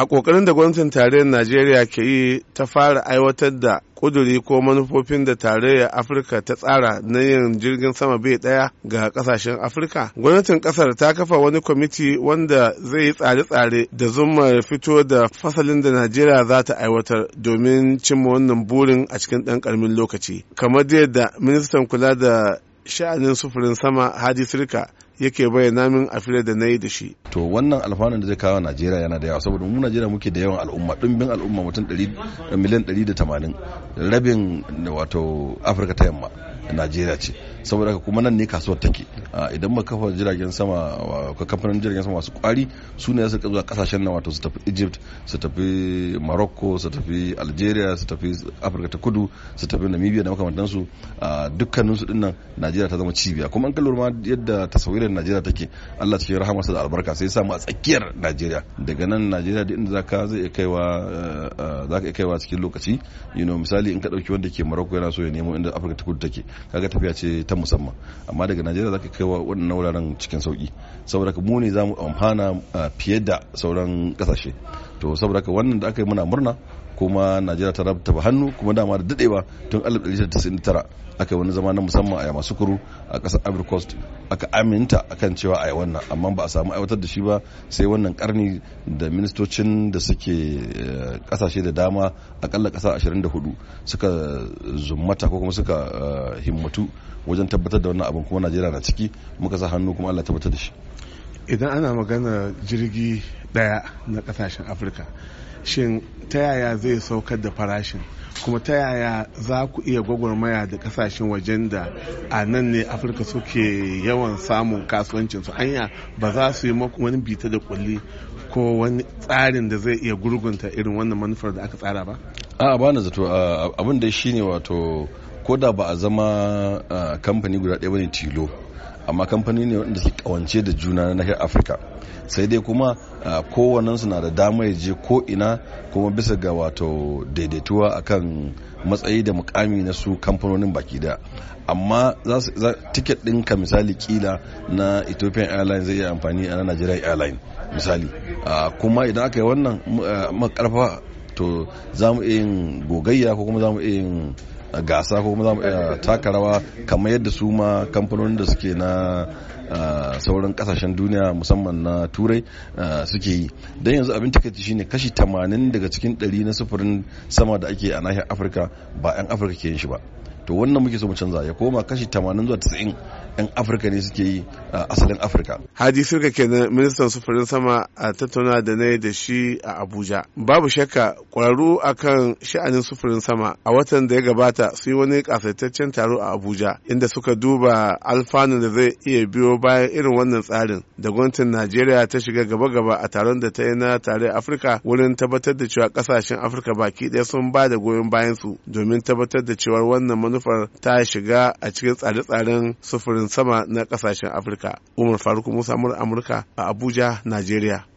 a ƙoƙarin da gwamnatin tarayyar najeriya ke yi ta fara aiwatar da kuduri ko manufofin da tarayyar afirka ta tsara na yin jirgin sama bai ɗaya ga ƙasashen afirka gwamnatin ƙasar ta kafa wani kwamiti wanda zai yi tsare-tsare da zuma fito da fasalin da najeriya za ta aiwatar domin cimma wannan burin a cikin ɗan ƙaramin lokaci kamar da ministan kula da sha'anin sufurin sama hadi sirka yake bayyana min a fira da na yi da shi. To wannan alfanun da zai kawo Najeriya yana da yawa saboda mu Najeriya muke da yawan al'umma ɗimbin al'umma mutum miliyan ɗari da tamanin rabin wato Afirka ta yamma Najeriya ce saboda kuma nan ne kasuwar take idan ba kafa jiragen sama ka kamfanin jiragen sama masu kwari su ne za su zuwa kasashen nan wato su tafi Egypt su tafi Morocco su tafi Algeria su tafi Afirka ta kudu su tafi Namibia da makamantansu dukkaninsu dinnan Najeriya ta zama cibiya kuma an kalli ma yadda taswirin tsakiyar najeriya take allah cikin rahamarsa da albarka sai samu a tsakiyar najeriya daga nan najeriya da inda zaka zai kaiwa eh, eh, zaka iya kaiwa cikin lokaci you know misali in ka dauki wanda ke morocco yana so ya nemo inda afirka ta kudu take kaga tafiya ce ta musamman amma daga najeriya zaka kaiwa waɗannan wuraren cikin sauki saboda ka mu ne zamu amfana eh, fiye da sauran kasashe to saboda ka wannan da aka yi muna murna kuma najeriya ta rabta hannu kuma dama da dadewa tun 1999 aka wani zama na musamman a yamma sukuru a kasar ivory coast aka aminta kan cewa a wannan amma ba a samu aiwatar da shi ba sai wannan karni da ministocin da suke kasashe eh, da dama akalla kasa 24 suka zummata ko kuma suka eh, himmatu wajen tabbatar da wannan abin kuma najeriya na ciki muka sa hannu kuma allah tabbatar da shi idan ana magana jirgi daya na kasashen afirka shin ta yaya zai saukar da farashin kuma ta yaya za ku iya gwagwarmaya da kasashen wajen da a nan ne afirka suke yawan samun kasuwancinsu anya ba za su yi maku wani bita da kulli ko wani tsarin da zai iya gurgunta irin wannan manufar da aka tsara ba a ba na zato abin da shine wato ko da ba a zama ah, kamfani guda ɗaya bane tilo amma kamfani ne wanda su kawance da juna na nahiyar afirka sai dai kuma ah, kowannen na da dama ya je ko ina kuma bisa ga wato daidaituwa akan matsayi da mukami na su kamfanonin baki da amma za su tiket din ka misali kila na ethiopian airlines zai iya amfani a nigeria airline misali ah, kuma idan aka yi wannan ah, makarfa to za mu iya yin gogayya ko kuma za mu iya yin gasa ko kuma za mu iya taka rawa kamar yadda su ma kamfanonin da suke na sauran kasashen duniya musamman na turai suke yi don yanzu abin takaici shine kashi 80 daga cikin 100 na sufurin sama da ake a nahiyar afirka ba 'yan afirka ke yin shi ba to wannan muke so mu canza ya koma kashi 80 zuwa 90 'yan afirka ne suke yi a asalin afirka hadi sirka kenan ministan sufurin sama a tattauna da na da shi a abuja babu shakka kwararru kan sha'anin sufurin sama a watan da ya gabata su yi wani kasaitaccen taro a abuja inda suka duba alfanu da zai iya biyo bayan irin wannan tsarin da gwamnatin najeriya ta shiga gaba-gaba a taron da ta yi na tare afirka wurin tabbatar da cewa kasashen afirka baki ɗaya sun ba da goyon bayan su domin tabbatar da cewa wannan manufa manufar ta shiga a cikin tsare-tsaren sufurin sama na kasashen afirka umar faruk musa amurka a abuja najeriya